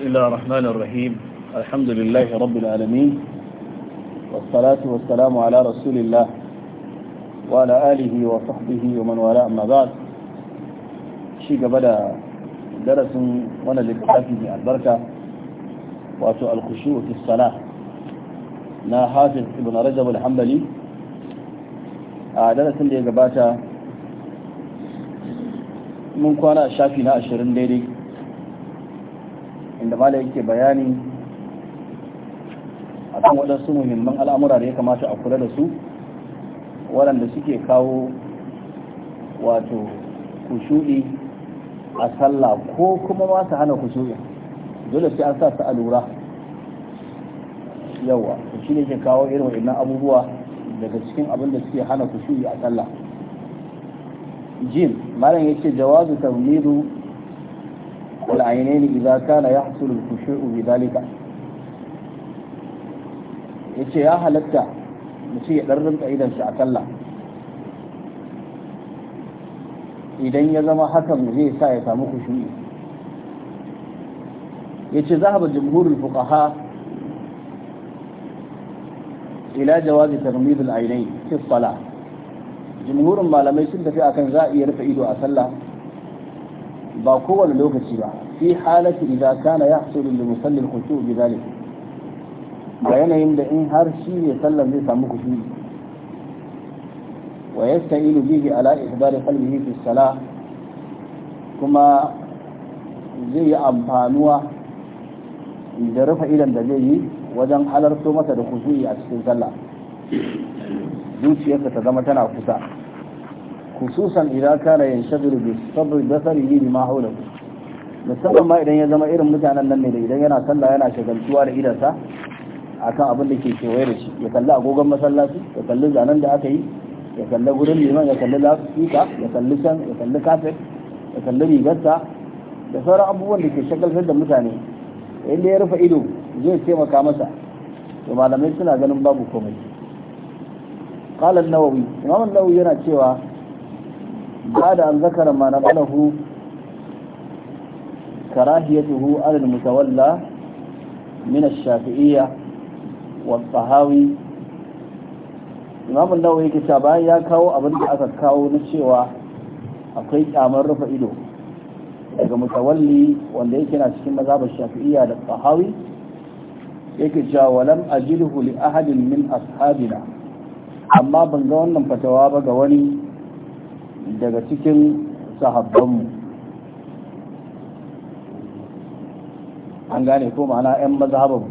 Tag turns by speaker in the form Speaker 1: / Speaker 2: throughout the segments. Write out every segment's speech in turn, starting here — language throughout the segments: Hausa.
Speaker 1: بسم الله الرحمن الرحيم الحمد لله رب العالمين والصلاة والسلام على رسول الله وعلى آله وصحبه ومن والاه أما بعد شيء قبل درس وانا لكتابه البركة وأتو الخشوع في الصلاة na hafiz ibn rajab al-hanbali a darasin da ya gabata mun kwana a shafi na ashirin daidai inda mala yake bayani a kan waɗansu muhimman al'amura da ya kamata a kula da su waɗanda suke kawo wato kushu'i a sallah ko kuma ma su hana kushuɗi dole sai an sa su a lura yawa shi ne ke kawo irin waɗannan abubuwa daga cikin abin da suke hana kushu'i a sallah jim malam yace jawazu tawlidu العينين إذا كان يحصل الخشوع بذلك yace ya halatta mace ya ɗan rinka idan shi a sallah idan ya zama hakan zai sa ya samu kushuri yace zahaba jumhurul fuqaha ila jawazi tarmid al-aynayn fi salah jumhurin malamai sun tafi akan za a iya rufe ido a sallah ba kowane lokaci ba fi halati idza kana yahsulu lil musalli khushu' bi dhalik ga yanayin da in har shi ne sallar zai samu khushu'i wa yasta'ilu bihi ala ihdari qalbihi fi salah kuma zai yi amfanuwa da rufe idan da zai yi wajen halarto masa da khushu'i a cikin sallah zuciyarsa ta zama tana kusa khususan idan kana yanshagiru bi sabr basarihi bima musamman ma idan ya zama irin mutanen nan ne da idan yana sallah yana shagaltuwa da idansa akan abin da ke kewaye da shi ya kalli agogon masallaci ya kalli zanen da aka yi ya kalli gurin liman ya kalli lafika ya kalli can ya kalli kafet ya kalli rigarsa da sauran abubuwan da ke shagaltar da mutane inda ya rufe ido zai taimaka masa to malamai suna ganin babu komai qala an-nawawi imam nawawi yana cewa ba da an zakara ma na balahu كراهيته على المتولى من الشافعية والطهاوي imamun nawawi yake cewa bayan ya kawo abin da aka kawo na cewa akwai kyamar rufa ido daga mutawalli wanda yake na cikin mazhabar shafi'iyya da tsahawi yake cewa walam ajilhu li ahadin min ashabina amma ban ga wannan fatawa ba ga wani daga cikin mu. an gane ko ma'ana 'yan mazhaban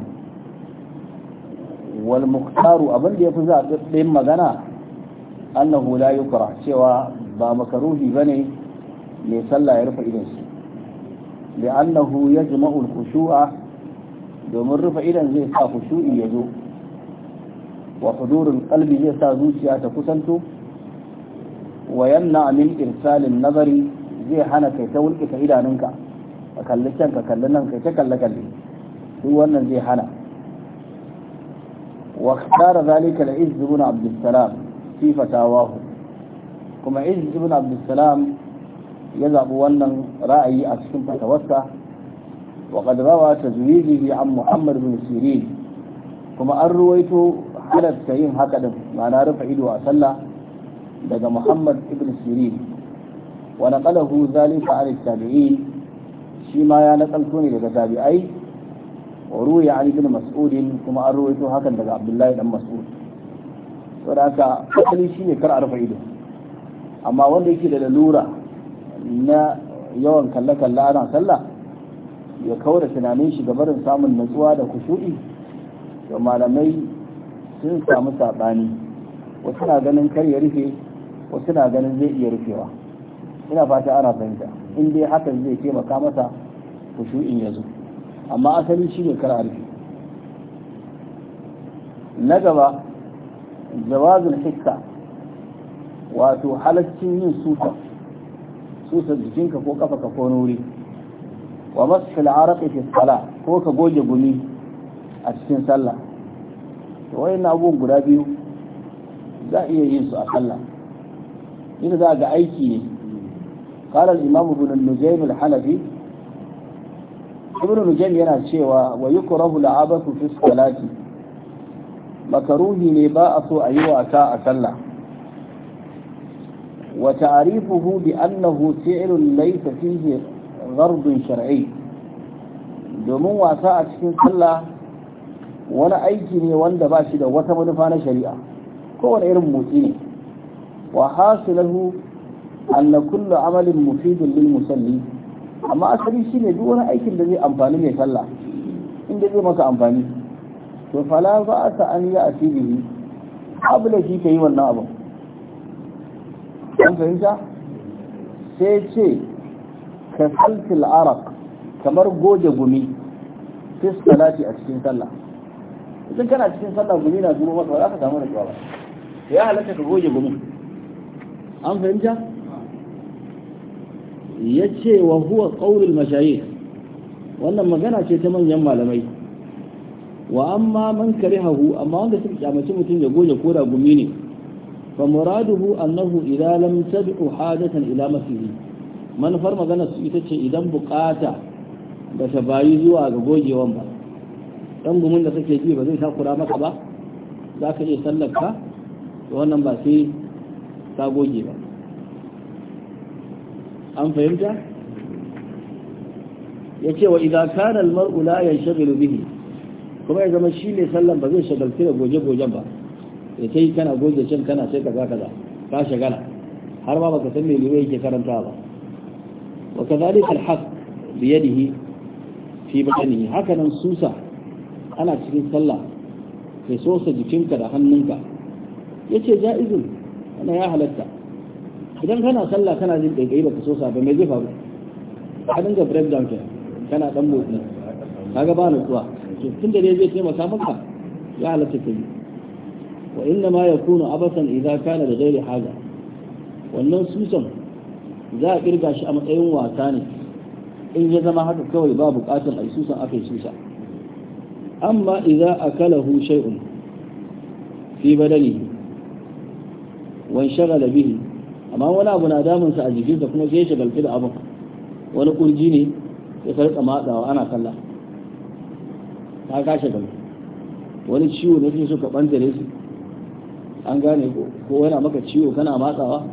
Speaker 1: wal muktaru abin da ya fi ɗin magana annahu la yukra cewa ba makaruhi bane mai sallah ya rufe idan annahu ya yajma'u al-khushu'a domin rufe idan zai sa khushu'i ya zo wa ƙalbi qalbi zai sa zuciya ta kusanto wa yamna min irsalin nazari zai hana kai ta wulƙita idanunka ka kalli can ka kalli nan kai ta kalle kalli duk wannan zai hana wa khara zalika la izz ibn abdus salam fi fatawahu kuma izz ibn abdus salam ya zaɓi wannan ra'ayi a cikin fatawarsa wa qad rawa tazwijihi an muhammad bin sirin kuma an ruwaito halatta yin haka din ma'ana rufe ido a sallah daga muhammad ibn sirin ونقله ذلك عن التابعين shi ma ya su ne daga tabi'ai wa an gina mas'udin kuma an ruwaito hakan daga abdullahi dan mas'ud da haka asali ne kar a rufe ido amma wanda yake da lalura na yawan kalle kalle ana sallah ya kaura tunanin shi barin samun natsuwa da kushu'i to malamai sun samu sabani wasu na ganin kar ya rufe wasu na ganin zai iya rufewa ina fata ana fahimta in dai hakan zai taimaka masa kushu'in ya zo amma asali shi ne kar a na gaba jawazin hikka wato halaccin yin suka susa jikinka ko kafa ka ko nuri wa masu araqi fi sala ko ka goge gumi a cikin sallah to wai na abubuwan guda biyu za iya yin su a sallah ina za ga aiki ne قال الإمام ابن النجيم الحنفي ibn nujal yana cewa wa yukrahu al'abatu fi salati makaruhi ne ba a so a yi wasa a sallah wa ta'rifuhu bi annahu fi'lun laysa fihi ghardun shar'i domin wasa a cikin sallah wani aiki ne wanda ba shi da wata manufa na shari'a kowane irin motsi ne wa hasilahu anna kullu amalin mufidun lil musalli amma asali shi ne duk wani aikin da zai amfani mai sallah inda zai maka amfani to fala ba a sa an yi asiri abu da shi ka yi wannan abu an fahimta sai ce ka saltil arak kamar goge gumi fi salati a cikin sallah idan kana cikin sallah gumi na zuwa masa ba za ka samu da ba ya halatta ka goge gumi an fahimta yace ce wa huwa ƙaunin mashayikh wannan magana ce ta manyan malamai wa amma man karihahu amma wanda suka kyamaci mutum ya goje ko da gumi ne fa muraduhu annahu idza lam tad'u hadatan ila man manufar magana su ita ce idan bukata ba ta bayi zuwa ga gogewan ba dan gumin da kake ji ba zai takura maka ba zaka ka iya sallarka to wannan ba sai ta goge ba an fahimta ya ce wa idan kana almar'u la bihi kuma ya zama shi ne sallan ba zai shagalci da goje-gojen ba ya yi kana goje can kana sai kaza kaza ka shagala har ma ka san me liwe yake karanta ba wa kadhalika alhaq da yi fi batnihi haka nan susa ana cikin sallah kai sosa jikinka da hannunka yace jaizun wani ya halatta idan kana sallah kana jin ɗaiɗai ba ka so ba mai zai faru ka dinga break down ke kana dan motsi kaga ba na to tun da ne zai taimaka maka ya halatta ka yi wa inna ma yakunu abasan idza kana da gairi haza. wannan susan za a kirga shi a matsayin wasa ne in ya zama haka kawai ba bukatar a susan aka yi susa amma idza akalahu shay'un fi badani wa shagala bihi amma wani abu na damun sa a jikinsa kuma sai ya shagalfi da abin wani kurji ne ya sarƙa matsawa ana sallah ta ka shagalfi wani ciwo ne sai suka ne su an gane ko yana maka ciwo kana matsawa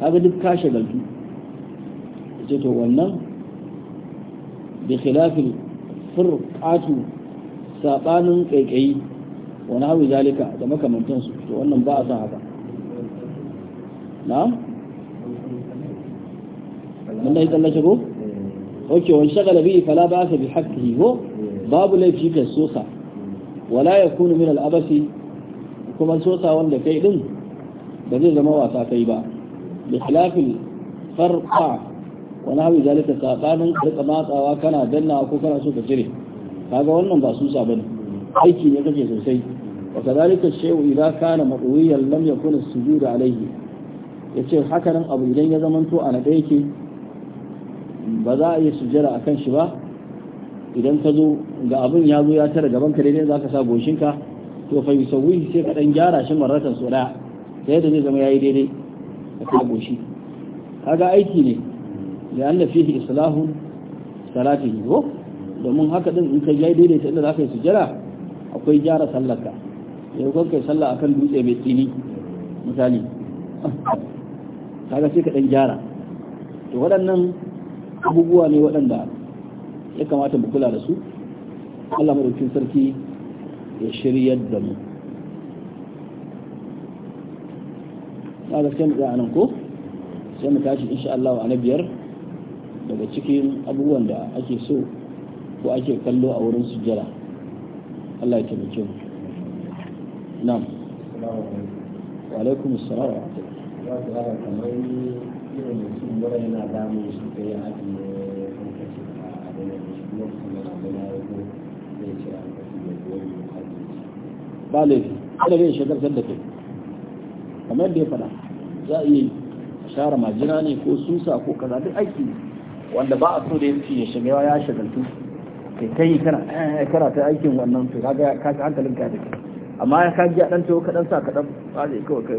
Speaker 1: haka duk ka shagaltu ce to wannan bi khilafin furƙatu saɓanin ƙaiƙayi wani hawi zalika da makamantansu to wannan ba a san haka na'am mun dai tsallake ko ok wani shagala bihi fala ba sa bi haqqihi ko babu laifi ka sosa wala yakunu min al kuma sosa wanda kai din ba zai zama wasa kai ba bi khilafil farqa wani hawi zalika sabanin rika matsawa kana dannawa ko kana so ka cire kaga wannan ba susa bane aiki ne kake sosai وكذلك الشيء إذا كان مطويا لم يكن السجود عليه yace hakanan abu idan ya zamanto a naɗe yake ba za a iya sujjara a kan shi ba idan ka zo ga abin ya zo ya tara gaban ka daidai za ka sa goshinka to fa yusawwi sai ka dan gyara shi marratan so daya sai da zai zama yi daidai a kan goshi kaga aiki ne da da fihi islahu yi ko domin haka din in ka yi daidai ta inda za ka yi sujjara akwai gyara sallarka yau kan kai sallah akan dutse mai tsini misali kaga sai ka dan gyara to waɗannan abubuwa ne waɗanda ya kamata mu kula da su Allah madaukin sarki ya shiryar da mu na gaske mu nan ko sai mu tashi insha Allah a biyar daga cikin abubuwan da ake so ko ake kallo a wurin sujjara Allah ya taimake mu na wa alaikum assalam wa rahmatullahi wa barakatuh kamar irin mutum yana damu ba laifi kada zai shagaltar da kai kamar da ya faɗa za a iya share majina ne ko susa ko kaza duk aiki wanda ba a so da yanci ya shigewa ya shagaltu kai kai kana eh, kana ta aikin wannan to kaga ka hankalin ka dake amma ka ya dan to ka dan sa ka dan ba zai kawai ka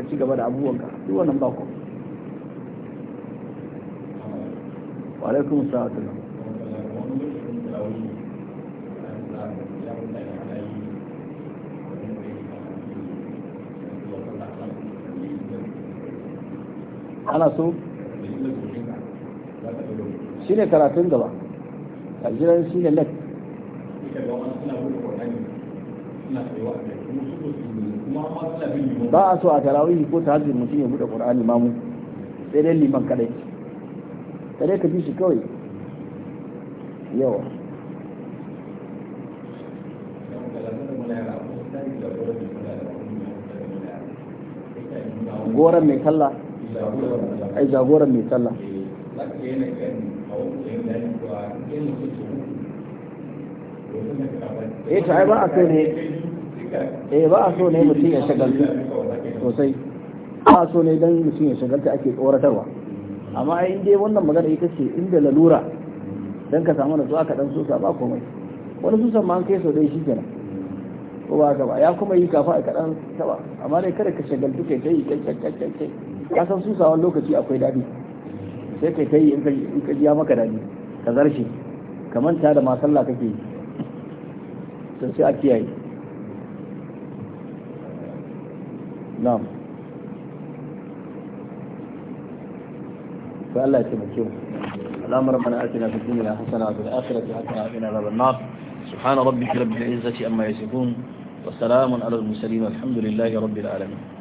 Speaker 1: ka ci gaba da abubuwan ka duk wannan ba ko wa alaikum assalam ana so shi ne karatun gaba a jiran shi ne lek ba a so a tarawihi ko ta hajji mutum ya buɗe ƙur'ani mamu sai dai liman kadai sai dai ka bi shi kawai yawa goron mai kalla ai jagoran mai sallah eh ta ba a so ne eh ba a so ne mutum ya shagalta sosai ba a so ne dan mutum ya shagalta ake tsoratarwa amma ai in dai wannan magana ita ce inda lalura dan ka samu nasu aka dan sosa ba komai wani susan ma an kai sau dai shikenan ko ba ka ba ya kuma yi kafa a kaɗan saba. amma dai kada ka shagaltu kai kai kai kai kai ka san susawan lokaci akwai daɗi sai kai kai in ka ya maka daɗi ka zarce ka manta da masalla kake to sai a kiyaye na'am fa Allah ya taimake mu اللهم ربنا آتنا في الدنيا حسنة وفي الآخرة حسنة وقنا عذاب النار سبحان ربك رب amma أما يصفون وسلام على المرسلين والحمد لله رب العالمين